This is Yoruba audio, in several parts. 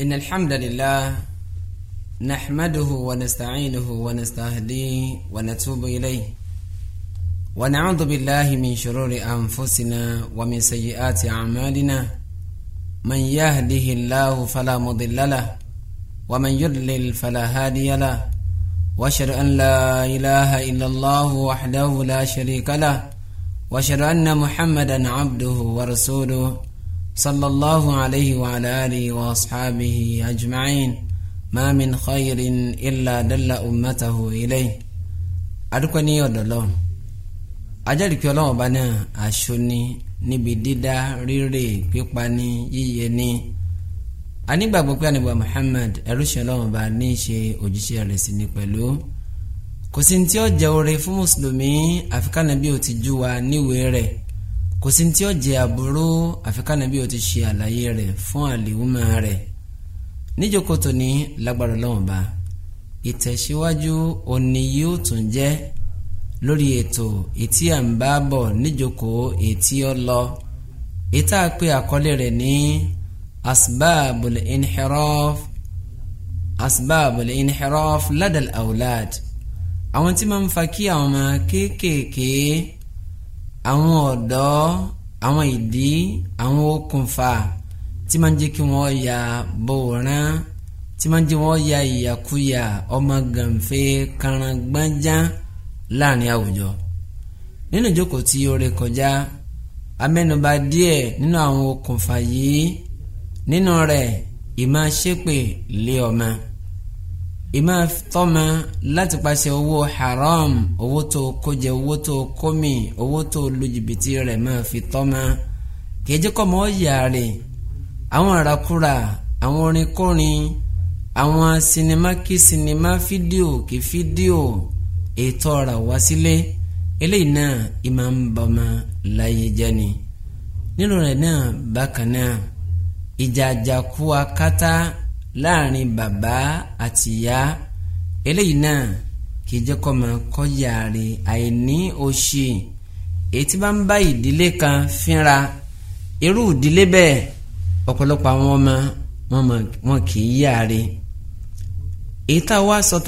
إن الحمد لله نحمده ونستعينه ونستهديه ونتوب إليه ونعوذ بالله من شرور أنفسنا ومن سيئات أعمالنا من يهده الله فلا مضل له ومن يضلل فلا هادي له واشهد أن لا إله إلا الله وحده لا شريك له واشهد أن محمدا عبده ورسوله sallallahu alayhi wa alihi wa ashabihi ajma'in ma min khayrin illa dalla ummatahu ilayhi adúpẹ́ ní ọ̀dọ̀ lọ́wọ́ ajẹ́rìí pé ọlọ́wọ́ bá náà aṣọ ni níbi dídá rírè pípa ní yíyẹ ní anígbàgbọ́ pé àníbà Muhammad ẹrúṣẹ́ ọlọ́wọ́ bá ní í ṣe òjíṣẹ́ rẹ̀ sí ni pẹ̀lú kò sí ní tí ó jẹ́ oore fún mùsùlùmí àfikànnà bí ó ti jú wa níwèé rẹ̀ kò sí tí ó jẹ àbúrò àfikànnàbí ó ti ṣe àlàyé rẹ̀ fún àlèwúmọ rẹ̀ níjókòó tòní lágbára Ọlọ́run bá ìtẹ̀síwájú òní yóò tún jẹ́ lórí ètò etí à ń bá bọ̀ níjókòó etí ọ lọ ètò àpè àkọlé rẹ̀ ní asbabul inhiraf asbabul inhiraf ladal awlad àwọn tí máa ń fa kí àwọn ọmọ kéékèèké. ke, ke àwọn ọ̀dọ́ àwọn ìdí àwọn okùnfà tí máa ń jẹ́ kí wọ́n ya bòóràn tí máa ń jẹ́ wọ́n ya ìyàkuyà ọmọ gànfẹ́ karangbájá láàrin àwùjọ nínú ìjókòó tí ó ré kọjá amẹ́nubà díẹ̀ nínú àwọn okùnfà yìí nínú rẹ̀ ìmáa ṣépè lé ọmọ ìmọ̀ tọ́mọ láti paṣẹ owó haram owó tó kójẹ owó tó kómi owó tó lu jìbìtì rẹ̀ máa fi tọ́mọ kejì kọ́ mọ́ yàrá àwọn àràkúrà àwọn orin kórin àwọn sinimá kí sinimá fídíò kí fídíò ètò ọ̀rà wá sílé eléyìí náà ìmọ̀ ń bọ́mọ láyé jẹ́ ni nínú rẹ̀ náà bákan náà ìjà akátá láàrin bàbá àti ìyá eléyìí náà kì í jẹ́ kọ́mọ kọ́yà rè àìní òṣì èyí tí bá ń bá ìdílé kan fínra irú ìdílé bẹ́ẹ̀ ọ̀pọ̀lọpọ̀ àwọn ọmọ wọn kì í yà rè èyí tá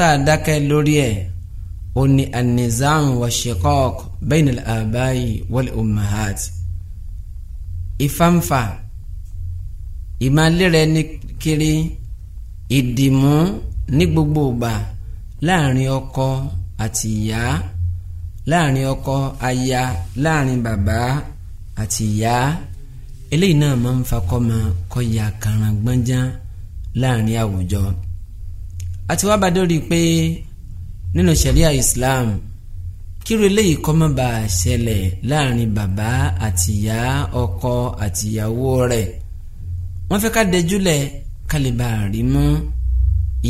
a dákẹ́ lórí ẹ̀ ó ní anizam wa shiqaq bayna al-abai wal ummahat ìmàlẹ́rẹ́ ní kiri ìdìmú ní gbogbo ìgbà láàrin ọkọ àti ìyá láàrin ọkọ aya láàrin bàbá àti ìyá eléyìí náà máa ń fakọ́mọ kọ́ya kàrangbọ́njá láàrin àwùjọ àti wá bá pé nínú ṣẹ̀ríà Islam kíru eléyìí kọ́ má bàa ṣẹlẹ̀ láàrin bàbá àti ìyá ọkọ àti ìyàwó rẹ̀ wọ́n fẹ́ ká dẹjúlẹ̀ kálíbà rí mú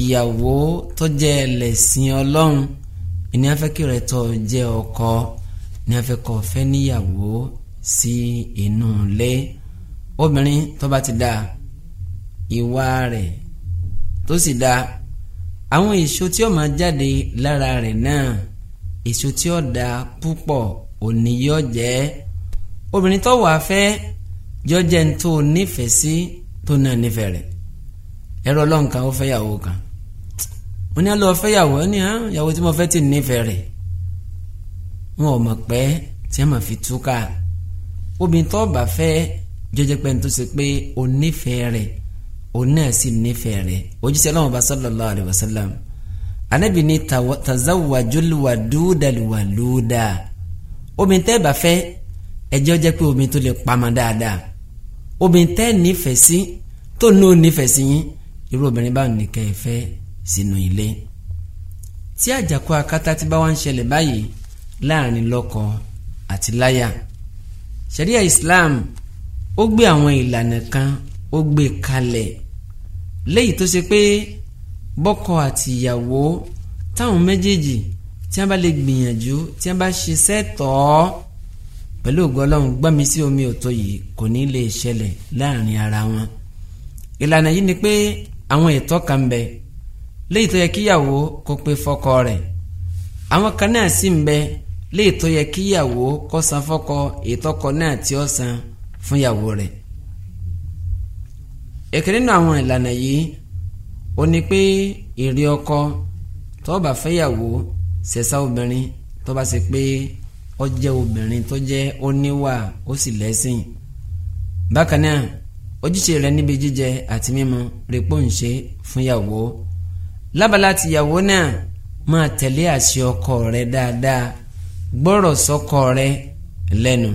ìyàwó tó jẹ́ ẹlẹ́sìn ọlọ́run ìní afẹ́kẹ́ rẹ̀ tó jẹ́ ọkọ ní afẹ́kọ̀ fẹ́ níyàwó sí inú ilé obìnrin tó bá ti dáa ìwà rẹ̀ tó sì dáa àwọn èso tí ó máa jáde lára rẹ̀ náà èso tí ó dáa púpọ̀ òní yóò jẹ́ obìnrin tó wàá fẹ́ yóò jẹ́ tó nífẹ̀ẹ́ sí tó náà nífẹ̀ẹ́ rẹ̀ ẹ̀rọ ọlọ́run kan ó fẹ́ yàwó kan mo ní àlọ́ fẹ́ yàwó ẹ ní ah, yàwó tí mo fẹ́ tì nífẹ̀ẹ́ rẹ̀ wọn ò mọ̀ pé tí a máa fi túká obìnrin tó bá fẹ́ jẹjẹ pé nítorí ṣe pé o nífẹ̀ẹ́ rẹ̀ o náà sì nífẹ̀ẹ́ rẹ̀ ojúṣe aláwọ̀ bá sallallahu alaihi wasallam anabi ni tazawwajul wadudal waluda obìnrin tẹ́ bá fẹ́ ẹjọ́ jẹ́ pé obìnrin tó lè pamọ́ dáadáa obìnrin tẹ́ nífẹ̀ẹ́ sí tó ní o nífẹ̀ẹ́ sí yín irú obìnrin báwọn nìkẹ́ ẹ fẹ́ sínú ilé tí àjàkú akátá ti bá wá ń ṣẹlẹ̀ báyìí láàrin lọ́kọ àti láyà ṣẹ̀ríà Islam ó gbé àwọn ìlànà kan ó gbé kalẹ̀ léyìí tó ṣe pé bọ́kọ àti ìyàwó táwọn méjèèjì tí wọ́n bá lè gbìyànjú tí wọ́n bá ṣe sẹ́tọ̀ọ́ pẹ̀lú ògùn ọlọ́run gbọ́mi sí omi òtó yìí kò ní lè ṣẹlẹ̀ láàrin ara wọn ìlànà yìí ni pé àwọn ètò kan bẹ léyìí tó yẹ kíyàwó kó pé fọ́kọ rẹ̀ àwọn kan náà sì ń bẹ léyìí tó yẹ kíyàwó kó san fọ́kọ ètòkọ náà tí ó san fún yàwó rẹ̀ èkìrí nínú àwọn ìlànà yìí ó ní pé èrè ọkọ tó bá fẹ́yàwó ṣẹ̀ṣá obìnrin tó bá ṣe pé ó jẹ́ obìnrin tó jẹ́ oníwà ó sì lẹ́sìn bákan náà ojúṣe rẹ̀ níbi jíjẹ àti mímu rèpọ̀ ń ṣe fún yàwó lábala ti yàwó náà máa tẹ̀lé àṣẹ ọkọ rẹ̀ dáadáa gbọ́rọ̀ sọ́kọ rẹ̀ lẹ́nu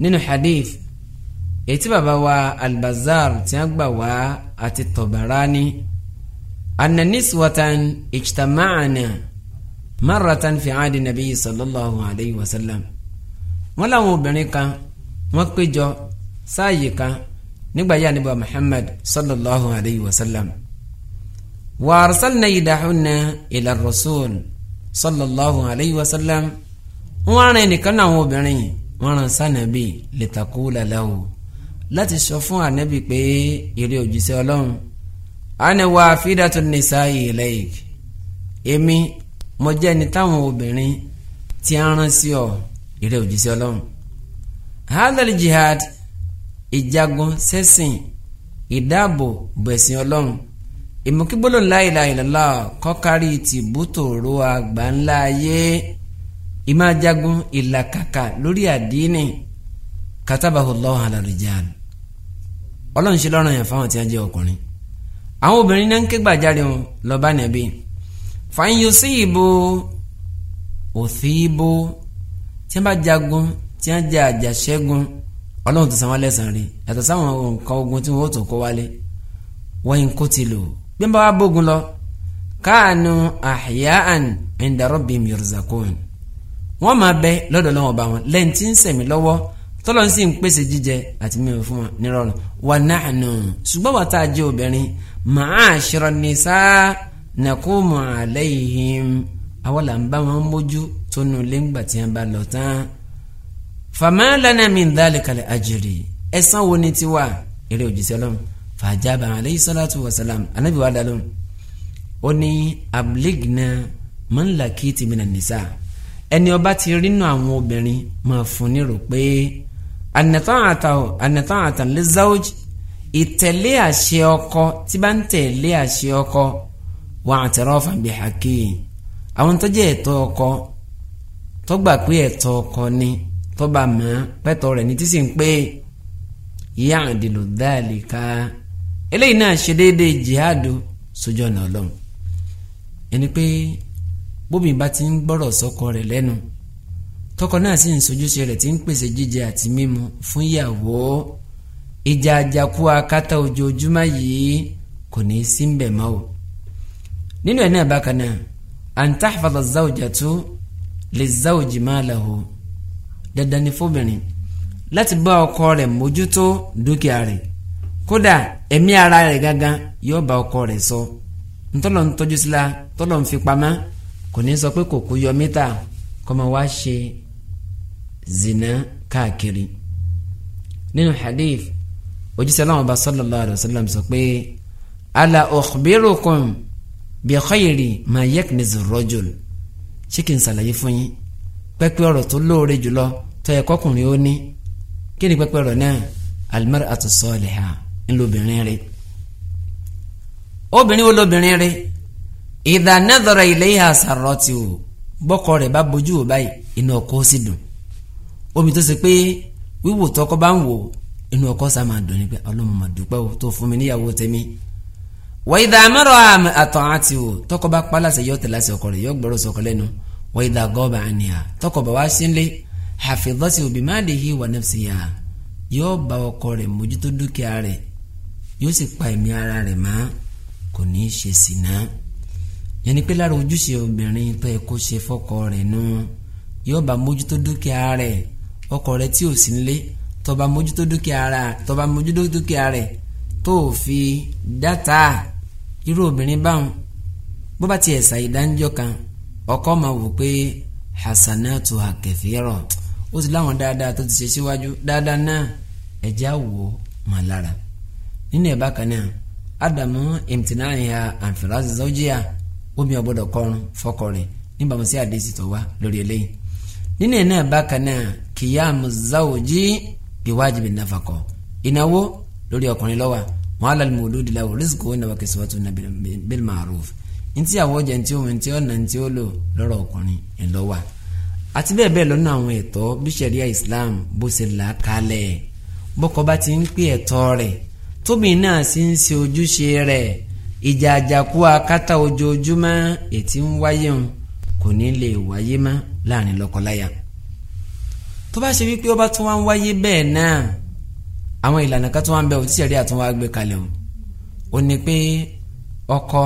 nínú hadith ètí bàbá wa albazar tí a gbà wá àti tọ̀bàrání anna niswatan ijtama'ana maratan fi adi nabi sallallahu alayhi wa sallam wọ́n láwọn obìnrin kan wọ́n péjọ sáàyè kan nígbà yà níbà Muhammad sallallahu alayhi wa sallam wa arsalna yidahunna ila rasul sallallahu alayhi wa sallam wọ́n rán ẹnìkan náà àwọn obìnrin wọ́n rán sànàbí litakula lahu láti sọ fún ànábì pé èrè òjíṣẹ́ Ọlọ́run àná wà fídàtú nìsáyè ilayk èmi mo jẹ́ ẹni táwọn obìnrin ti rán sí ọ èrè òjíṣẹ́ Ọlọ́run hadal jihad ìjagun sẹ́sìn ìdáàbò bẹ̀sìn ọlọ́run ìmọ̀kígbólò láìláìlọ́lá kọ́kárí ti bútòrò àgbà ńlá ayé ìmájagun ìlàkàkà lórí àdínì katabahu Allahu ala rijal ọlọ́run ṣe lọ́rùn yẹn fáwọn tí wọ́n jẹ́ ọkùnrin àwọn obìnrin náà ń ké gbàjáre wọn lọ́ba nẹ́bí fàáyọ sí ìbò òfin ìbò tí wọ́n bá jagun tí wọ́n jẹ́ àjàṣẹ́gun ọlọ́run ti san wá lẹ́sàn-án rí yàtọ̀ sáwọn nǹkan ogun tí wọ́n ó tún kó wálé wọ́n yín kó ti lò bí wọ́n bá wá bógun lọ káànù àhìyáàn ẹ̀ńdàrọ́bì mìrìzàkóhìn wọ́n máa bẹ lọ́dọ̀ lọ́wọ́ bá wọn lẹ́yìn tí ń sẹ̀mí lọ́wọ́ tọ́lọ́n sì ń pèsè jíjẹ àti mímu fún wọn nírọ̀rùn wà nahnu ṣùgbọ́n wà tá a jẹ́ obìnrin ma'ashira nisa naqumu alayhim àwọn là ń bá wọn mójú tó nu lẹ́ngbà bá lọ tán fama lana min dhalika li ajiri, ẹ̀san wo ni tiwa eré òjíṣẹ́ lọ́n fàjábà aleyhi salatu wa salam anabi wa dalon ó ní abligna man lakiti mina nisa ẹni ọba ti rínú àwọn obìnrin máa fún ní rò pé anatan atahu anatan atan lè zawj ìtẹ̀lé àṣẹ ọkọ tí bá ń tẹ̀lé àṣẹ ọkọ wà á tẹ̀rọ ọ̀fà bíi àwọn tó ẹ̀tọ́ ọkọ tó pé ẹ̀tọ́ ọkọ ni tọ́ba mọ́ pẹ́tọ́ rẹ̀ ní tí sì ń pé ìyá àdìlò dáàlì ká eléyìí náà ṣe déédéé jihadu sójú ọ̀nà ọlọ́run ẹni pé bómi bá ti ń gbọ́rọ̀ sọ́kọ rẹ̀ lẹ́nu tọkọ náà sì ń sojúṣe rẹ̀ tí ń pèsè jíjẹ àti mímu fún ìyàwó ìjà àjàkú akátá ojoojúmọ́ yìí kò ní í sí ń mọ́ o nínú ẹ̀ náà bákan náà an tahfadha zawjatu lizzawji malahu dandan ni fóbìnrin láti bá ọkọ rẹ̀ mójútó dúkìá rẹ̀ kódà ẹ̀mí ara rẹ̀ gangan yóò bá ọkọ rẹ̀ sọ ntọ́lọ̀ ń tọ́jú sí tọ́lọ̀ ń fi pamá kò ní sọ pé kòkó yọ mítà kọ́ wá ṣe zina káàkiri nínú hadith ojúṣe aláwọn ọba sallallahu alayhi wa sallam sọ pé ala ukhbirukum bi khayri ma yaknizu rajul ṣé kí n ṣàlàyé fún yín pẹ́pẹ́ ọ̀rọ̀ tó lóore jùlọ tó yẹ kọkùnrin ó ní kí ni pẹ́pẹ́ ọ̀rọ̀ náà almar'atu saliha ńlọbìnrin rẹ̀ obìnrin wo lobìnrin rẹ̀ idha nadhara ilayha sarratu o bọ́kọ rẹ̀ bá bójú wò báyìí inú ọkọ ó sì dùn omi tó ṣe pé wíwò tọkọ bá ń wò inú ọkọ sá máa dùn ní pé ọlọ́mọ máa dúpẹ́ o tó fún mi níyàwó tèmi wa idha amara àtọ̀ àti o tọkọ bá pa láṣẹ yọ tẹ̀ láṣẹ ọkọ rẹ̀ yọ gbọ́rọ̀ sọkọ lẹ́nu wa idha ghaba anha tọkọ bá wá sílé hafidhatu bi malihi wa nafsiha yóò bá ọkọ rẹ̀ mójútó dúkìá rẹ̀ yóò sì pa ẹ̀mí ara rẹ̀ mọ́ kò ní í ṣe sìná yẹn ni pé lára ojúṣe obìnrin tó yẹ kó ṣe fọ́kọ rẹ̀ nù yóò bá mójútó dúkìá rẹ̀ ọkọ rẹ̀ tí ò sí nílé tó mójútó dúkìá rẹ̀ tó bá mójútó dúkìá rẹ̀ irú obìnrin báwọn bó bá tiẹ̀ ṣàyí dáńjọ́ kan ọkọ máa wò pé hasanatu hakẹfẹrọ ó ti láwọn dáadáa tó ti ṣe síwájú dáadáa náà ẹjẹ àwò mà lára nínú ẹ̀ bákan náà ádámù ìmùtínàáyà àǹfẹ̀rẹ́ zọ́jíà omi ọ̀gbọ́dọ̀ kọrun fọkọrin níbàámu sí àdéhìí tó wá lórí eléyìí nínú ẹ̀ náà bákan náà kìyàmù záwòjì bíwájìbì nàfàkọ ìnáwó lórí ọkùnrin lọ́wà wọn alàlùmọ̀ olódìláwò rìsíkò wọn nàbàkẹ́sọ̀tún nàbẹ̀lẹ̀ màrúfù ntí àwọn ọjà ntí omi ntí ọ̀nà ntí ó lò lọ́rọ̀ ọkùnrin ńlọ́wà àti bẹ́ẹ̀ bẹ́ẹ̀ lọ́nà àwọn ẹ̀tọ́ bí ṣẹ̀ríà Islam bó ṣe là á kalẹ̀ bọ́kọ bá ti ń pè ẹ̀tọ́ rẹ̀ tóbi náà sì ń ṣe ojúṣe rẹ̀ ìjà àjàkú akátá ojoojúmọ́ ètí ń wáyé ń kò ní lè wáyé mọ́ láàrin lọ́kọláya tó bá ṣe wípé ó bá tún wá ń wáyé bẹ́ẹ̀ náà àwọn ìlànà kan tó wá ń bẹ òtíṣẹ̀rí àtúnwá gbé kalẹ̀ o ò ní pé ọkọ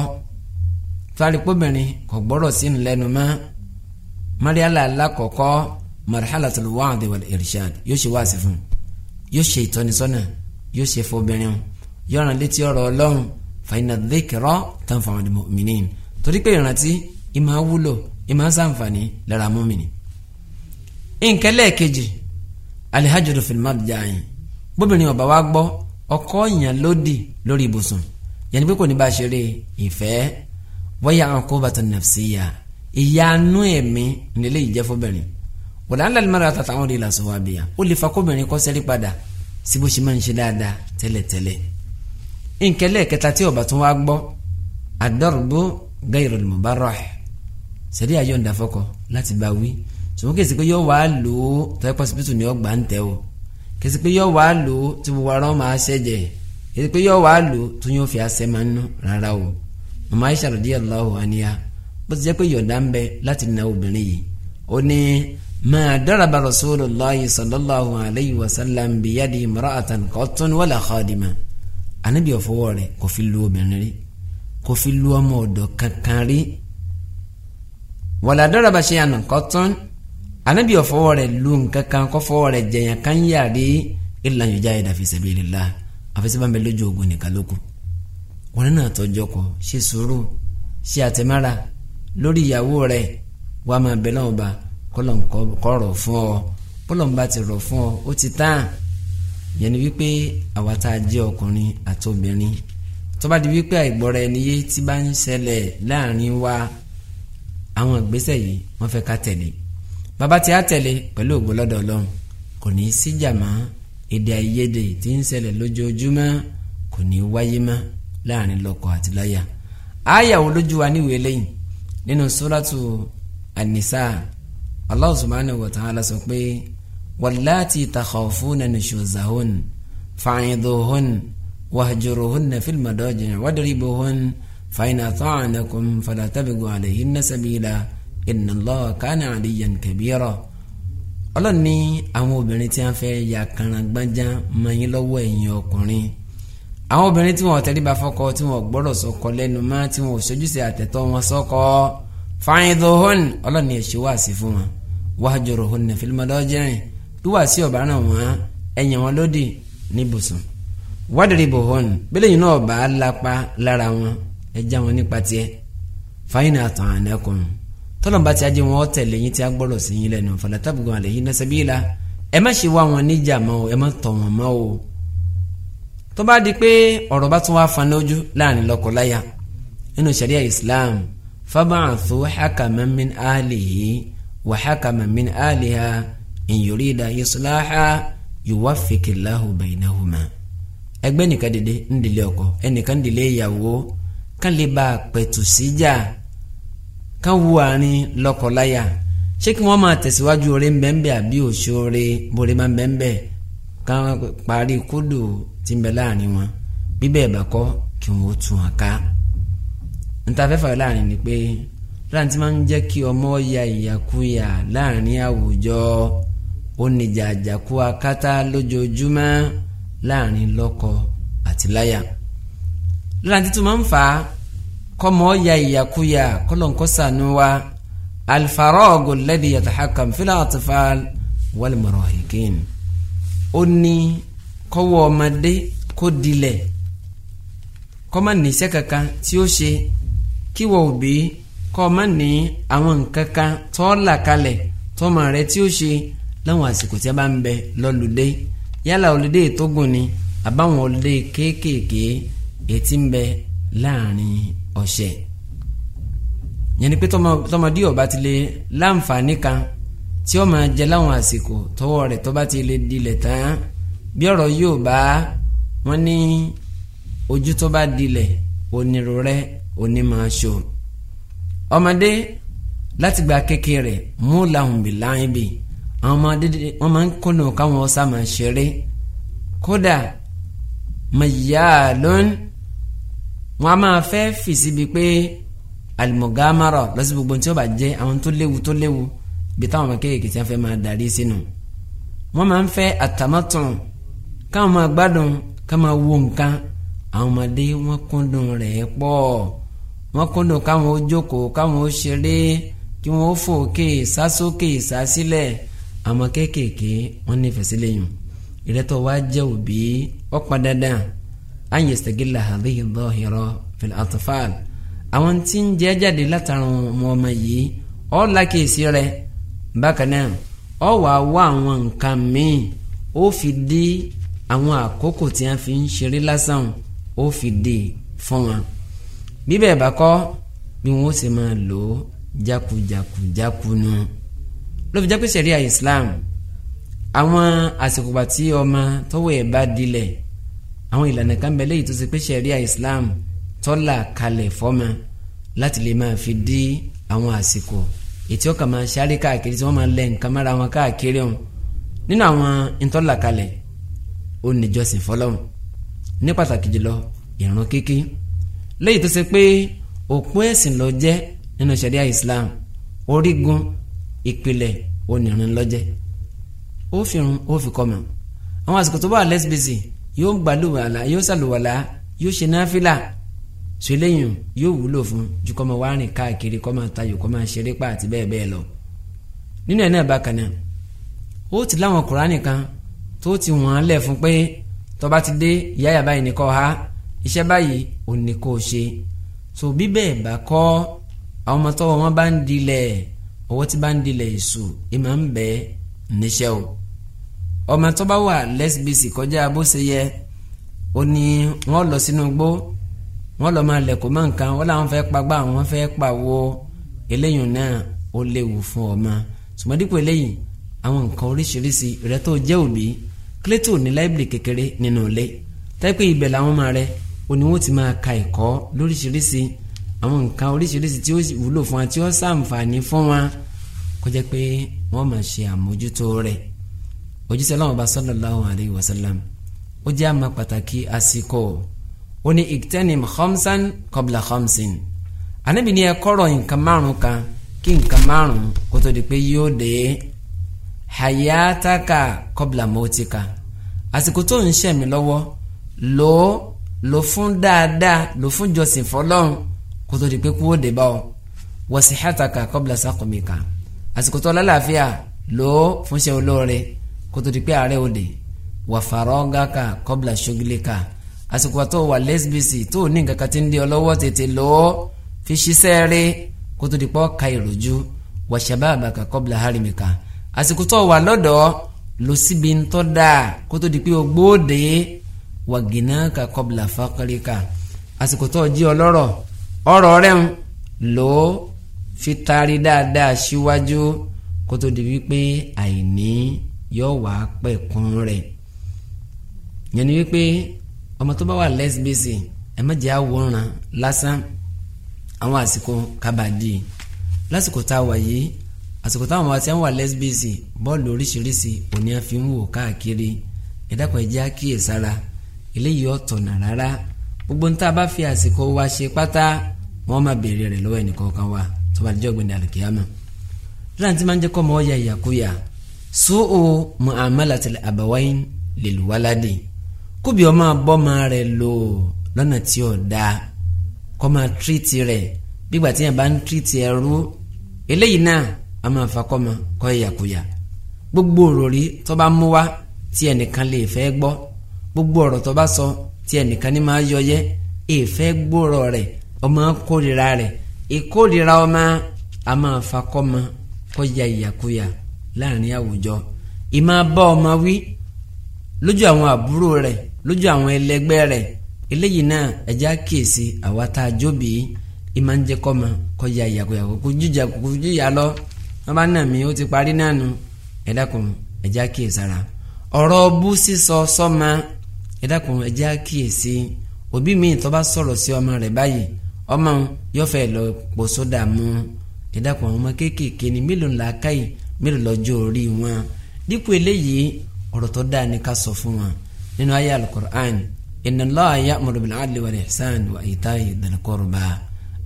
tọ́lárìpọ̀bìnrin kò gbọ́rọ̀ sí ní lẹ́nu mọ́ mariala alakọ̀kọ́ marhalatul wa'di wal irshad yóò ṣe wáàsí fún yóò ṣe ìtọ́nisọ́nà yóò ṣe fọbìnrin yóò rán létí ọ̀rọ̀ ọlọ́run fa inna dhikra tanfa'ul mu'minin torí pé ìrántí ìmọ̀ wúlò ìmọ̀ sàǹfààní lára mọ́mìnì. nǹkan lẹ́ẹ̀kejì alihajuru filimad jaayin bóbìnrin ọba wa gbọ́ ọkọ yàn lódì lórí ibùsùn yẹn ni pé kò ní bá ṣeré ìfẹ́ wọ́yà àkóbàtò nàfṣíyà ìyanu ẹ̀mí nílé ìjẹ́fọ́bìnrin wọ́n dáná lẹ́nu mẹ́rin àtàtà àwọn ìlà sọ̀wọ́ abìyà ó lè fa kóbìnrin kọ́ sẹ́rí padà sí bó ṣe máa ń ṣe dáadáa tẹ́lẹ̀tẹ́lẹ̀ nkẹlẹ́ kẹta tí ọba tún wá gbọ́ àdọ́rùbó gẹ́rù mọ̀bárọ̀ sẹ́rí àyọ̀ǹda fọ́kọ láti bá wí ṣùgbọ́n kèsì pé ń tẹ́ o kèsì pé yọ wàá pé yọ mama aisha radiyallahu anha bó ti jẹ́ pé yọ̀ǹda ń bẹ láti na obìnrin yìí ó ní ma daraba rasulullahi sallallahu alayhi wa sallam biyadi imra'atan qattun wala khadima anabi ọ̀fọwọ́ rẹ̀ kò fi lu obìnrin rí kò fi lu ọmọ ọ̀dọ̀ kankan rí wala daraba shay'an qattun anabi ọ̀fọwọ́ rẹ̀ lu nkankan kọ́fọwọ́ rẹ̀ jẹ̀yàn kan yàrí illa yujahida fi sabilillah àfẹsẹ̀ bá mi lójú ogun nìkan lókun wọn náà tọjọ kọ ṣe sùúrù ṣe àtẹmára lórí ìyàwó rẹ wàá máa bẹ náà bá kọ́ rọ̀ fún ọ bọ́lọ̀ ti rọ̀ fún ọ ó ti tán yẹn ni wípé àwa tá a jẹ́ ọkùnrin àti obìnrin tó bá di wípé àìgbọ́ra ẹni yé tí bá ń ṣẹlẹ̀ láàrin wa àwọn ìgbésẹ̀ yìí wọ́n fẹ́ ká tẹ̀lé bàbá tí a tẹ̀lé pẹ̀lú ògbó lọ́dọ̀ ọlọ́run kò ní í síjà mọ́ èdè àìyedè tí ń ṣẹlẹ̀ lójoojúmọ́ kò ní í wáyé mọ́ láàrin lọ́kọ àti láya àyà wo lójú wa níwèé lẹ́yìn nínú suratu an-nisa Allah subhanahu wa ta'ala sọ pé wallati takhafuna nushuzahun fa'idhuhun wahjuruhunna fil madaji' wadribuhun fa'in ata'nakum fala tabghu alayhinna sabila inna Allaha kana ọlọ́ni àwọn obìnrin tí wọ́n fẹ́ ya kàrangbájá mọ́yìn lọ́wọ́ ẹ̀yin ọkùnrin àwọn obìnrin tí wọn tẹríba fọ́kọ tí wọn gbọ́dọ̀ sọkọ lẹ́nu mọ́ tí wọn ò sojúṣe àtẹ̀tọ́ wọn sọkọ fáyidóhón ọlọ́ni ẹ̀ṣẹ̀ wá sí fún wọn wahjuruhun fil-madāji' wíwá sí ọ̀bá náà wọn ẹ̀yàn wọn lódì níbùsùn wadribuhun bẹ́lẹ̀yìn náà bá a lápá lára wọn ẹja wọn nípa tiẹ̀ fáyínà àtàn ànákùn tọ́lọ̀mbá tí ajé wọn tẹ̀lé yín tí a gbọ́dọ̀ sí yín lẹ́nu fala tabghu alayhinna sabīla tó bá di pé ọ̀rọ̀ bá tún wá fan lójú láàrin lọ́kọláya nínú sharia islam fab'athu hakaman min ahlihi wa hakaman min ahliha in yurida islaha yuwaffiqillahu baynahuma ẹgbẹ́ nìkan dìde ńdílé ọkọ ẹnìkan dìlé ìyàwó kán lè bá a pẹ̀tù síjà kán wú àárín lọ́kọláya ṣé kí wọ́n máa tẹ̀síwájú oore ń bẹ́ẹ̀ bẹ́ẹ̀ àbí òṣèré borí máa ń bẹ́ẹ̀ bẹ́ẹ̀ kán parí kúdù tí ń bẹ láàrin wọn bí bẹ́ẹ̀ bá kọ́ kí wọn ó tú wọn ká ntàfẹ́fà láàrin ni pé láàrin tí máa ń jẹ́ kí ọmọ ya ìyàkuyà láàrin àwùjọ oníjà àjàkú akátá lójoojúmọ́ láàrin lọ́kọ àti láya láàrin títún máa ń fà á kọ́mọ ya ìyàkuyà kọ́lọ́nkọ́sànú wa alfarọ́ọ̀gù lẹ́dí yàtọ̀ hakam fílà àtúfà wàlúmọ̀rọ̀ hìkín ó ní kọ́wọ́ ọmọdé kó dilẹ̀ kọ́mọ níṣẹ́ kankan tí ó ṣe kíwọ òbí kọ́mọ ní àwọn nǹkan kan tó là kalẹ̀ tọ́mọ rẹ tí ó ṣe láwọn àsìkò tí a bá ń bẹ lọ́lùdé yálà olùdé tó gùn ni àbáwọn olùdé kéékèèké ètí ń bẹ láàrin ọ̀sẹ̀ yẹn pé tọmọdé ọba ti lè láǹfààní kan tí ó jẹ láwọn àsìkò tọwọ́ rẹ̀ tó ti lè dilẹ̀ tán bí ọ̀rọ̀ yóò bá wọn ní ojú tó bá dilẹ̀ onírúurẹ́ onímọ̀ọ́sọ ọmọdé láti gba kékeré rẹ̀ mú làwọn bí láàyè bì àwọn ọmọdé wọn máa ń kónà káwọn ọ̀sà máa ṣeré kódà mayalon wọn a máa fẹ́ fèsì bíi pé alimogamaro lọ́sí gbogbo tí ó bá jẹ́ àwọn tó léwu tó léwu bí táwọn ọmọ kéèké tí wọ́n fẹ́ máa darí sínú wọn máa ń fẹ́ àtàmọ́tàn káwọn máa gbádùn káwọn máa wo nǹkan àwọn ọmọdé wọn kúndùn rẹ̀ pọ̀ wọn kúndùn káwọn ó jókòó káwọn ó ṣeré kí wọn ó fòkè sásókè sásílẹ̀ àmọ́ kéékèèké wọn nífẹ̀ẹ́ sílẹ̀ yìí ìrẹ́tọ̀ wa jẹ́ òbí ọ̀pá dandan àyè sẹ́gìlà àdéhì lọ́hìrọ̀ fìlà àtọ́fàl àwọn tí ń jẹ́ jáde látara wọn ọmọ yìí ọ́ lákèsí rẹ̀ bákan náà ọ̀ wàá wá àwọn nǹkan míì ó fi dí àwọn àkókò tí a fi ń ṣeré lásán ó fi dè fún wọn bíbẹ̀ bá kọ́ bí wọ́n sì máa lò ó jákujàkujáku nu ló fi jápé sẹ̀ríà Islam àwọn àsìkò bàtí ọmọ tọwọ́ ẹ̀ bá dilẹ̀ àwọn ìlànà kan bẹ léyìí tó ṣe pé sẹ̀ríà Islam tọ́lá kalẹ̀ fọ́mọ láti lè máa fi dí àwọn àsìkò ètí ọkàn máa ṣáré káàkiri tí wọ́n máa lẹ̀ mára wọn káàkiri ọ̀hún nínú àwọn ìtọ́lá kalẹ̀ ó ní jọ́sìn fọlọ́hun ní pàtàkì jùlọ ìrun kíkí léyìí tó ṣe pé òpó ẹ̀sìn ló jẹ́ nínú ṣẹ̀ríà Islam orígun ìpìlẹ̀ onírun ló jẹ́ ó fi run ó fi kọ́mọ àwọn àsìkò tó bá lẹ́sibẹ́sì yóò gbàlúwàlà yóò ṣàlùwàlà yóò ṣe náfìlà ṣẹlẹ́yìn yóò wúlò fún ju kọ́mọ wá rìn káàkiri kọ́mọ tayò kọ́mọ ṣeré pa àti bẹ́ẹ̀ bẹ́ẹ̀ lọ nínú ẹ̀ náà bákan náà ó ti láwọn kùránì kan tó ti wọ́n lẹ̀ fún pé tó bá ti dé ìyá yàrá yìí ni ha iṣẹ́ báyìí ò ní kó ṣe so bí bẹ́ẹ̀ bá kọ́ àwọn ọmọ tọ́wọ́ wọn bá ń dilẹ̀ owó tí bá ń dilẹ̀ èṣù ìmọ̀ ń bẹ níṣẹ́ o ọmọ tó bá wà lẹ́sibísì kọjá bó ṣe yẹ ó ní wọ́n lọ sínú igbó wọ́n lọ máa lẹ̀kọ́ mọ́ nǹkan wọ́n làwọn fẹ́ pa àwọn fẹ́ pa eléyìí náà ó léwu fún ọmọ sùmọ́dípò eléyìí àwọn nǹkan oríṣiríṣi rẹ tó jẹ́ òbí Plato ní láìbìrì kékeré nínú ilé tẹ́pẹ́ ibẹ̀ làwọn ọmọ rẹ̀ oníwó ti máa ka ẹ̀kọ́ lóríṣiríṣi àwọn nǹkan oríṣiríṣi tí ó wúlò fún wa tí ó ṣàǹfààní fún wa kó jẹ́ pé wọ́n máa ṣe àmójútó rẹ̀ ojúṣe aláwọ̀ bá sallallahu alayhi wa sallam ó jẹ́ àmà pàtàkì àsìkò ó ní iktanim khamsan qabla khamsin ànábì ní ẹ kọ́rọ̀ nǹkan márùn kan kí nǹkan márùn kó tó di pé yóò dé hayataka qabla mautika àsìkò tó ń ṣẹ̀mí lọ́wọ́ lò ó lò fún dáadáa lò fún jọsìn fọlọ́run kó tó di pé kúwó dé bá ọ wọ́sí hàtàkà kọ́bìlà sàkùnmíkà àsìkò tó lálàáfíà lò ó fún ṣe olóore kó tó di pé àárẹ̀ òde wà fàrọ́gàkà kọ́bìlà ṣogileka àsìkò tó wà lẹ́sibísì tó ní nǹkan ti ń di ọ tètè lò ó fi ṣiṣẹ́ rí kó tó di pé ọ̀ka ìròjú wà ṣàbàbàkà kọ́bìlà hàrìmíkà àsìkò tó wà lọ́dọ̀ọ́ lọ síbi ńtọ́ dáa kótó di pé o gbóòdè wàgìnàkà kọbìlà fákàríkà àsìkò tó jí ọlọ́rọ̀ ọ̀rọ̀ rẹ̀ ń lò ó fi taari dáadáa síwájú kótó di wípé àìní yóò wá pẹ̀kún rẹ̀ yẹn ni wípé ọmọ tó bá wà lẹ́sibẹ́sì ẹ má jẹ́ àwòrán lásán àwọn àsìkò kábàdì lásìkò tá a wà yìí àsìkò táwọn wa ti ń wà lẹ́sbíìsì bọ́ọ̀lù oríṣiríṣi òní à fi ń wò káàkiri ìdàpọ̀ ẹ̀jẹ̀ àkíyèsára eléyìí ọ̀tọ̀nà rárá gbogbo níta bá fi àsìkò wa ṣe pátá wọ́n máa béèrè rẹ̀ lọ́wọ́ ẹnìkọ̀ọ̀kan wa tó bá dijọ́ gbẹ̀dẹ̀ àlùkìyàmà láti máa ń jẹ́ kọ́ ọmọ ọ̀yà ìyàkúyà sóò mu'amalatil abawain lil waladi kóbi ọmọ abọ́mọ rẹ̀ lò lọ́nà tí ò dáa kọ́ máa ama máa fa kọ́mọ kọ́ ìyàkuyà gbogbo òròrí tó bá mú wá tí ẹnìkan lè fẹ́ gbọ́ gbogbo ọ̀rọ̀ tó bá sọ tí ẹnìkan ní máa yọ yẹ èèfẹ́ gbòòrò rẹ̀ ọmọ kórìíra rẹ̀ ìkórìíra ọmọ a máa fa kọ́mọ kọ́ ya ìyàkuyà láàrin àwùjọ ìmáa bá ọmọ wí lójú àwọn àbúrò rẹ̀ lójú àwọn ẹlẹgbẹ́ rẹ̀ eléyìí náà ẹja kíyèsí àwa tá a jóbi ìmáa ń jẹ́ kọ́mọ kọ́ ya ìyàkuyà kò jíjà kò jíjà lọ wọ́n bá nà mí ó ti parí náà nu ẹ dákun ẹ já kíyè sára ọ̀rọ̀ bú sísọ sọ́ma ẹ dákun ẹ já kíyè sí òbí mi tó bá sọ̀rọ̀ sí ọmọ rẹ̀ báyìí ọmọ yóò lọ pò sódà mu ẹ ọmọ kéékèèké ni mélòó ńlá káyì mélòó lọ́jọ́ orí wọn dípò eléyìí ọ̀rọ̀ tó dáa ni ká sọ fún wọn nínú ayé alukur'an inna Allaha ya'muru bil adli wal ihsan wa ita'i dhil qurba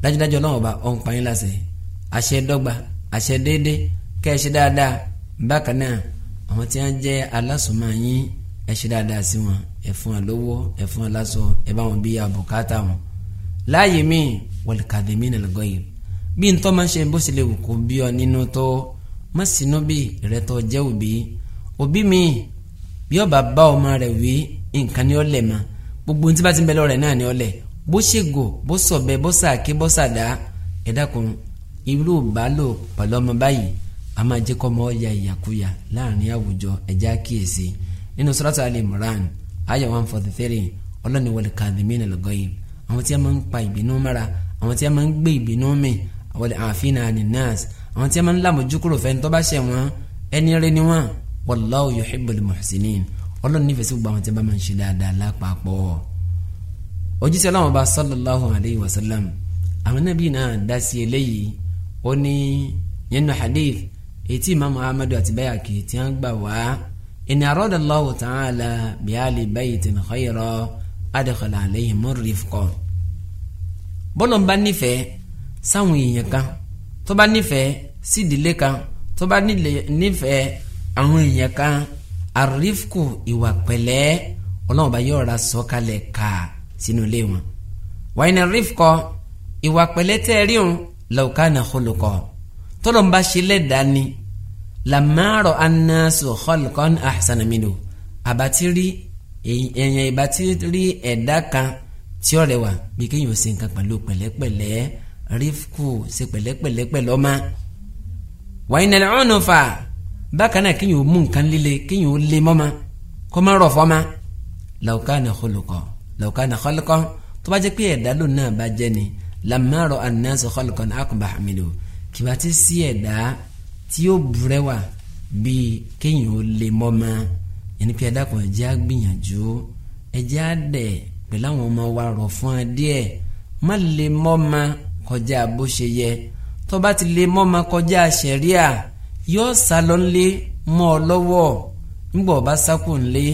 dájúdájú ọlọ́wọ́ bá ọ̀n pa yín láṣẹ àṣẹ déédé kẹ́ ẹ ṣe dáadáa bákan náà àwọn tí wọ́n jẹ́ alásùnmọ́ yín ẹ ṣe dáadáa sí wọn ẹ fún wọn lówó ẹ fún wọn láṣọ ẹ bá wọn bí àbùkátà wọn. láàyè míì wọlé kàdé mí nàlọ́gọ́ yìí bí ntọ́ máa ṣe bó ṣe lè wù kó bí ọ nínú tó má sínú bí ìrẹ́tọ́ jẹ́ òbí òbí mi bí ọba bá ọmọ rẹ̀ wí nǹkan ni ó lẹ̀ mọ́ gbogbo ohun tí bá ti ń bẹ lọ́rẹ̀ náà ni ó lẹ̀ bó ṣègò bó sọ̀bẹ bó sàké bó sàdá ẹ̀dá kan irú ìbálò pẹ̀lú ọmọ báyìí a máa jẹ́ kọ́mọ ọ̀ya ìyàkúyà láàrin àwùjọ ẹ̀já kíyèsí nínú sọ́rọ́tà alẹ́ moran ayọ̀ one forty three ọlọ́ni wọlé kàdémínà lọ́gọ́yì àwọn tí a máa ń pa ìbínú mára àwọn tí a máa ń gbé ìbínú mì àwọn àfihàn àní nurse àwọn tí a máa ń làmójú kúrò fẹ́ni tó bá ṣẹ̀ wọ́n ẹni rẹ ni wọ́n wallahu yuhibbul muhsinin ọlọ́run nífẹ̀ẹ́ sí gbogbo àwọn tí a bá máa ń ṣe ó ní yẹnu hadith etí imaamu ahmadu àti bayaki tí wọ́n gbà wá in arada Allahu ta'ala bi ali baytin khayra adkhala alayhim rifqa bọ́lọ̀n bá nífẹ̀ẹ́ sáwọn èèyàn kan tó bá nífẹ̀ẹ́ sídìlé kan tó bá nífẹ̀ẹ́ àwọn èèyàn kan àrífkù ìwà pẹ̀lẹ́ ọlọ́run bá yọ̀ọ̀ra sọ̀kalẹ̀ ká sínú ilé wọn. wàyínà rífkọ ìwà pẹ̀lẹ́ tẹ́ ẹ rí lọ́kànnà kọlùkọ́ tọ́lọ̀ ń bá ṣe lẹ́dàá ni lamaro anasu kọlùkọ́n ahsanamino àbátírí èèyàn ìbátírí ẹ̀dá kan tí ó rẹwà bí kéèyàn ṣe nǹkan pẹ̀lú pẹ̀lẹ́pẹ̀lẹ́ rífkù ṣe pẹ̀lẹ́pẹ̀lẹ́ pẹ̀lú ọmọ. wàyínàlẹ́ ọ̀nà fà bákan náà kéèyàn mú nǹkan líle kéèyàn lé mọ́mọ́ kó má rọ̀ fọ́mọ́ lọ́kànnà kọlùkọ́ lọ́kànnà kọlùkọ́ tó bá jẹ́ pé ẹ̀dá lónìí náà bá jẹ́ ni lamaro annasu khalqan akọba hamilu kìbá ti sí ẹ̀dá tí ó burẹ́wà bíi kéèyàn ó lè mọ́mọ́ ẹni pé ẹ̀dá kan ẹ̀jẹ̀ á gbìyànjú ẹ̀jẹ̀ á dẹ̀ pẹ̀lú àwọn ọmọ wa rọ̀ fún ẹ díẹ̀ má lè mọ́mọ́ kọjá bó ṣe yẹ tó ti lè mọ́mọ́ kọjá ṣẹ̀ríà yóò sá lọ nílé mọ́ ọ lọ́wọ́ nígbà ọba sákò nílé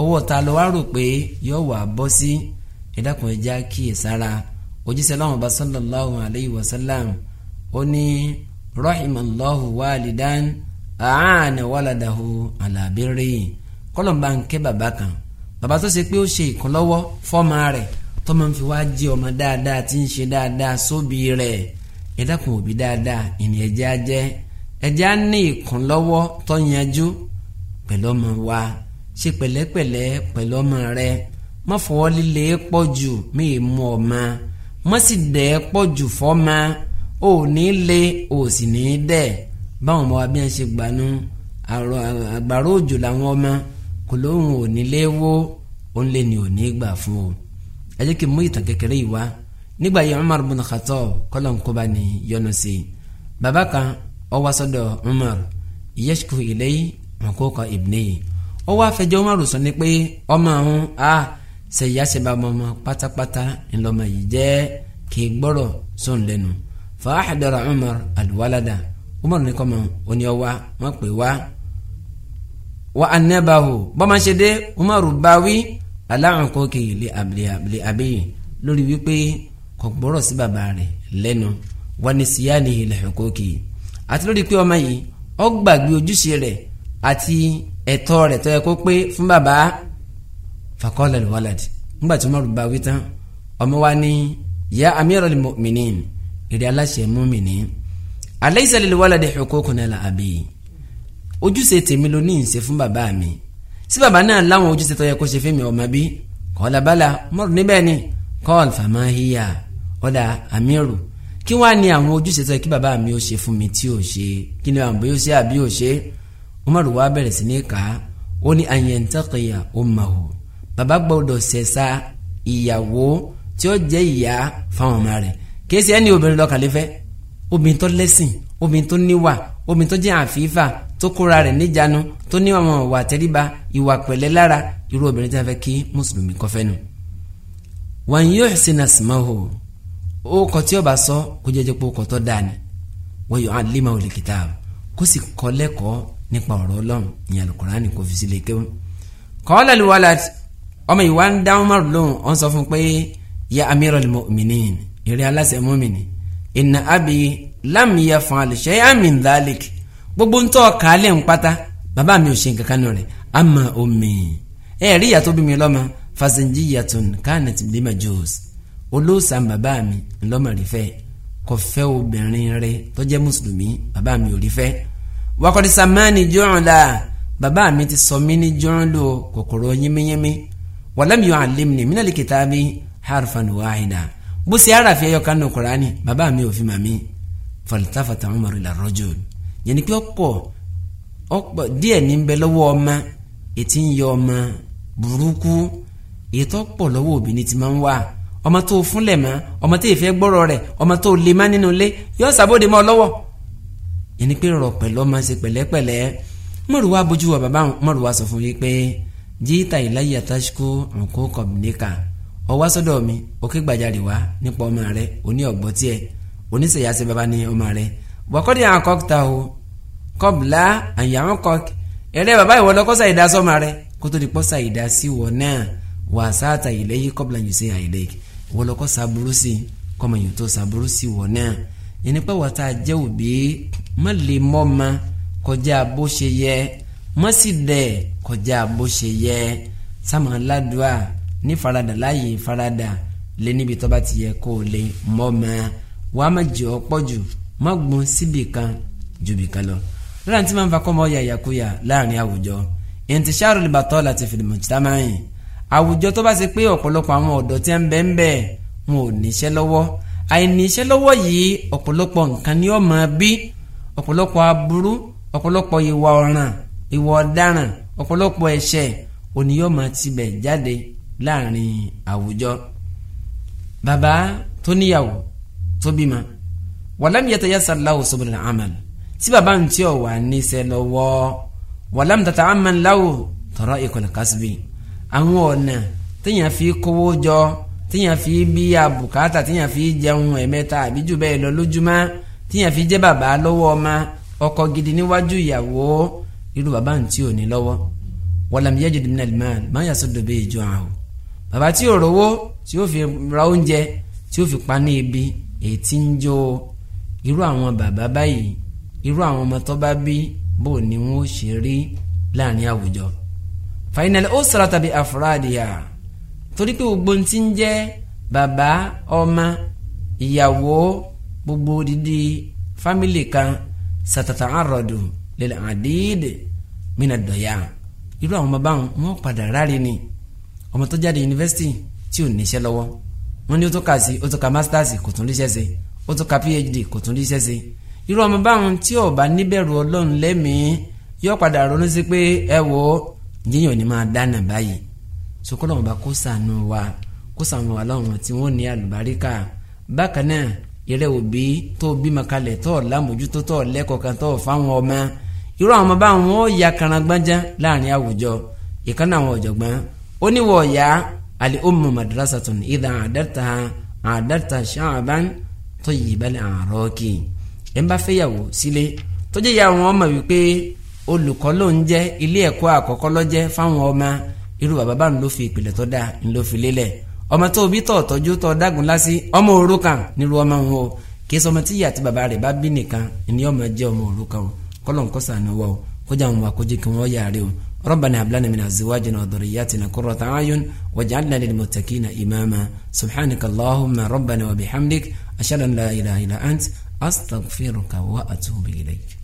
ọwọ́ ta lọ wá rò pé yóò wà bọ́ sí ẹ̀dá kan ẹ̀jẹ̀ á kíyè òjíṣẹ́ aláwọn bá sallallahu alayhi wa sallam ó ní rahimallahu walidan aana waladahu ala birri kọ́lọ̀mbà ń kẹ́ bàbá kan bàbá tó ṣe pé ó ṣe ìkúnlọ́wọ́ fọ́ọ̀mà rẹ̀ tó máa ń fi wá jẹ́ ọmọ dáadáa tí ń ṣe dáadáa sóbì rẹ̀ ẹ òbí dáadáa ìní ẹ̀jẹ̀ á jẹ́ á ní ìkúnlọ́wọ́ tó yanjú pẹ̀lú ọmọ wa ṣe pẹ̀lẹ́pẹ̀lẹ́ pẹ̀lú ọmọ rẹ̀ má líle pọ̀ jù mí mú ọmọ rẹ̀ mọ́sí dẹ́ pọ̀ jù fọ́mà ò ní lé ò sì ní dẹ̀ báwọn ọmọ wa bí wọ́n ṣe gbanú àgbàrá òjò làwọn ọmọ kò lóhùn ò ní lé wó ó ń lé ní ò ní gbà fún o ẹ kí n mú ìtàn kékeré yìí wá nígbà yẹn Umar bin Khattab kọ́lọ̀ nkóba ní yọnu sí i bàbá kan ó wá sọ́dọ̀ Umar yashku ilay makoka ibnihi ó wá fẹjọ́ Umar sọ ni pé ọmọ ọ̀hún ah sẹ̀yà sẹ̀bàmọ́mọ́ pátápátá ńlọmọ yìí jẹ́ kì í gbọ́rọ̀ sóun lẹ́nu fàáxadàrà Umar alwalada Umar ní kọ́mọ oníyọ̀wá wọ́n pè wá wa anabahu bọ́mọṣẹ́dé Umar báwí aláǹkó kì í lé abiyí lórí wípé kò gbọ́rọ̀ sí bàbá rẹ̀ lẹ́nu wọ́n ní síyáni ilẹ̀ àti lórí pé ọmọ yìí ó ojúṣe rẹ̀ àti ẹ̀tọ́ rẹ̀ tó kó pé fún bàbá fakọ́lá alwalad ńgbà tí umaru bá tán ọmọ wa ní ya amiral mu'minin èdè aláṣẹ mọ́mìnì alaysa lil waladi huququn ala abi ojúṣe tèmi ló ní ìṣe fún bàbá mi sí bàbá náà láwọn ojúṣe tó yẹ kó ṣe fún mi ọmọ bí kọ́lá bala umaru níbẹ̀ ni kọ́ọ̀l fàmáhíyà ọ̀dà amiru kí wàá ní àwọn ojúṣe tó yẹ kí bàbá mi ó ṣe fún mi tí ò ṣe kí ni àwọn bóyá ó ṣe àbí ò ṣe umaru wa bẹ̀rẹ̀ sí ní kàá ó ní an yantaqiya ummahu bàbá gbọ́dọ̀ ṣẹ̀ṣà ìyàwó tí ó jẹ́ ìyá fáwọn ọmọ rẹ̀ kéésì ẹni obìnrin lọ́kàlẹ́ fẹ́ obìnrin tó lẹ́sìn obìnrin tó níwà obìnrin tó jẹ́ àfífà tó kóra rẹ̀ níjànú tó ní àwọn ìwà àtẹríba ìwà pẹ̀lẹ́ lára irú obìnrin tí wọ́n fẹ́ kí mùsùlùmí kọ́ fẹ́ nu. wọn yóò ṣe na sùmọ́hò ó kọ tí ó bá sọ kó jẹ́jẹ́ pé ó kọ́ tó dáa ni wọ́n yóò alima olè kìtà kó sì kọ́ lẹ́kọ̀ọ́ nípa ọ̀rọ̀ ọlọ́run ìyàlùkùránì kò fi sílẹ̀ kéwọn. kọ́ọ́lẹ̀ lùwàlàtì ọmọ yìí wá ń dá Umar lóhùn ọ̀n sọ fún un pé ya amiral mu'minin eré aláṣẹ mọ́mìnì inna abi lam yaf'al shay'an min dhalik gbogbo ń tọ́ kàálẹ̀ ń pátá bàbá mi ò ṣe nǹkan kan rẹ̀ ama omi ẹ̀ rí ìyá tó bí mi lọ́mọ fasenji yàtọ̀n kánẹt bímọ jòs olóòsàn bàbá mi ńlọ́mọ rí fẹ́ kò fẹ́ obìnrin rẹ̀ tó mùsùlùmí bàbá mi ò rí fẹ́ wakọ̀dísàmánì jọ̀ọ́n la bàbá mi ti sọ mí ní jọ̀ọ́n lò kòkòrò yínmíyínmí walam yu'allimni minal kitabi harfan wahida bó ṣe arafi ẹyọ kan ní Kùránì bàbá mi ò fi màmí faltafata Umaru ila rajul yẹn ni pé ọ̀pọ̀ ọ̀pọ̀ díẹ̀ ní bẹ lọ́wọ́ ọmọ ètí ń yọ ọmọ burúkú ètò ọ̀pọ̀ lọ́wọ́ obìnrin ti máa ń wà ọmọ tó fúnlẹ̀ mọ́ ọmọ tó ìfẹ́ gbọ́rọ̀ rẹ̀ ọmọ tó lè má nínú ilé yóò ṣàbòdì mọ́ ọ lọ́wọ́ pé rọ̀ pẹ̀lú ọmọ ṣe pẹ̀lẹ́pẹ̀lẹ́ mọ̀rùwá bójú wa bàbá mọ̀rùwá sọ fún yín pé jíta ìláyà tásíkò nǹkó kọ̀bìnìkà ọwọ́ sọ́dọ̀ mi òkè gbàjarè wá nípa ọmọ rẹ oní ọ̀gbọ́ tiẹ̀ oníṣẹ̀yà sí baba ní ọmọ rẹ wọ́kọ́dé àwọn kọ́kítà o kọ́bìlá àyàwó kọ́k ẹ̀rẹ́ bàbá ìwọ lọ́kọ́ sàyídá sọ́mọ rẹ kó tó di pọ́ sàyídá sí wọ náà wà sáàtà ìlẹ́yìn kọ́bìlá yìí ṣe àìlẹ́ ìwọ lọ́kọ́ sàbúrú sí kọ́mọ yìí tó sàbúrú sí wọ náà ẹni pé wọ́n ta òbí má lè mọ́ ma kọjá bó ṣe yẹ mọ́ sì dẹ̀ kọjá bó ṣe yẹ sáma ládùá ní farada láàyè farada lé níbi tó bá ti yẹ kó o lè mọ́ ma wàá má jẹ́ ọ pọ̀ jù má gbọ́n síbì kan jùbì kan lọ lọ́la tí máa ń fa kọ́ mọ́ ya ìyàkúyà láàrin àwùjọ ìntìṣàrò lè bàtọ́ láti fìdímọ̀ jìtá máa yìn àwùjọ tó bá ṣe pé ọ̀pọ̀lọpọ̀ àwọn ọ̀dọ́ tí ń bẹ ń bẹ wọn ò níṣẹ́ lọ́wọ́ àìníṣẹ́ lọ́wọ́ yìí ọ̀pọ̀lọpọ̀ nǹkan ni ó máa bí ọ̀pọ̀lọpọ̀ aburú ọ̀pọ̀lọpọ̀ ìwà ọ̀ràn ìwà ọ̀daràn ọ̀pọ̀lọpọ̀ ẹ̀ṣẹ̀ oníyọ́ máa tibẹ̀ jáde láàrin àwùjọ. bàbá tó níyàwó tó bímọ wàlámù yẹtọ̀ yẹsà láwù sọ́bìrì àmàlù tí bàbá ń tí ò wà níṣẹ́ lọ́wọ́ wàlámù tàtà àmàlù láwù tọ̀rọ̀ ìkọ̀lù kásìbì àwọn ọ̀nà téèyàn fi kówó jọ téèyàn fi bí àbùkátà téèyàn fi jẹun ẹ̀mẹ́ta àbí jù bẹ́ẹ̀ lọ lójúmọ́ téèyàn fi jẹ́ bàbá lọ́wọ́ ọmọ ọkọ gidi níwájú ìyàwó irú bàbá ń tí ò ní lọ́wọ́ wàlàm yajid min al-mal ma yasuddu bihi ju'ahu bàbá tí ò rówó tí ó fi ra oúnjẹ tí ó fi pa ní ibi ètí ń jó irú àwọn bàbá báyìí irú àwọn ọmọ tó bá bí bò ní wọn ó ṣe rí láàrin àwùjọ fainal usrata bi afradiha torí pé gbogbo ti ń jẹ́ bàbá ọmọ ìyàwó gbogbo dídí fámìlì kan sàtàtà àròdùn lẹ́la àdéédé mina dọ̀yà irú àwọn ọmọ báwọn wọn padà ráre ni ọmọ tó jáde yunifásitì tí ò níṣẹ́ lọ́wọ́ wọn ní ó tó kà sí ó tó ka masters kò tún ríṣẹ́ ṣe ó tó ka phd kò tún ríṣẹ́ ṣe irú ọmọ báwọn tí ò bá níbẹ̀rù ọlọ́run lẹ́mìí yóò padà ronú sí pé ẹ wo yíyan ni máa dáná báyìí sokolo wọn bá kó sànù wa kó sànù wa láwọn tí wọn ní àlùbáríkà bákan náà yẹrẹ òbí tó bímọ kalẹ̀ tó lámójútó tó lẹ́kọ̀ọ́ kan tó fáwọn ọmọ irú àwọn ọmọ báwọn wọn ya karangbájá láàrin àwùjọ ìkànnì àwọn ọ̀jọ̀gbọ́n ó ní wọ̀ ya àlè ọmọ madrasatun ìdá àdàtà àdàtà ṣáàbán tó yìí balẹ̀ àárọ̀ kì ẹ̀ ń bá fẹ́yàwó sílé ya àwọn ọmọ wípé olùkọ́ ló ń jẹ́ ilé ẹ̀kọ́ àkọ́kọ́ ló jẹ́ fáwọn ọmọ irú bàbá bá ń fi ìpìlẹ̀ tó dáa ń fi lélẹ̀ ọmọ tó bí tọ̀ tọ́jú tọ́ dágun lásì ọmọ òrukàn ọmọ wọn o kọ́lọ̀ nkọ́sà ni wọ́ kójà wọn wà kójì kí wọ́n yàrá o ربنا هب لنا من ازواجنا وذرياتنا قرة اعين واجعلنا للمتقين اماما سبحانك اللهم ربنا وبحمدك اشهد ان لا اله الا انت استغفرك واتوب اليك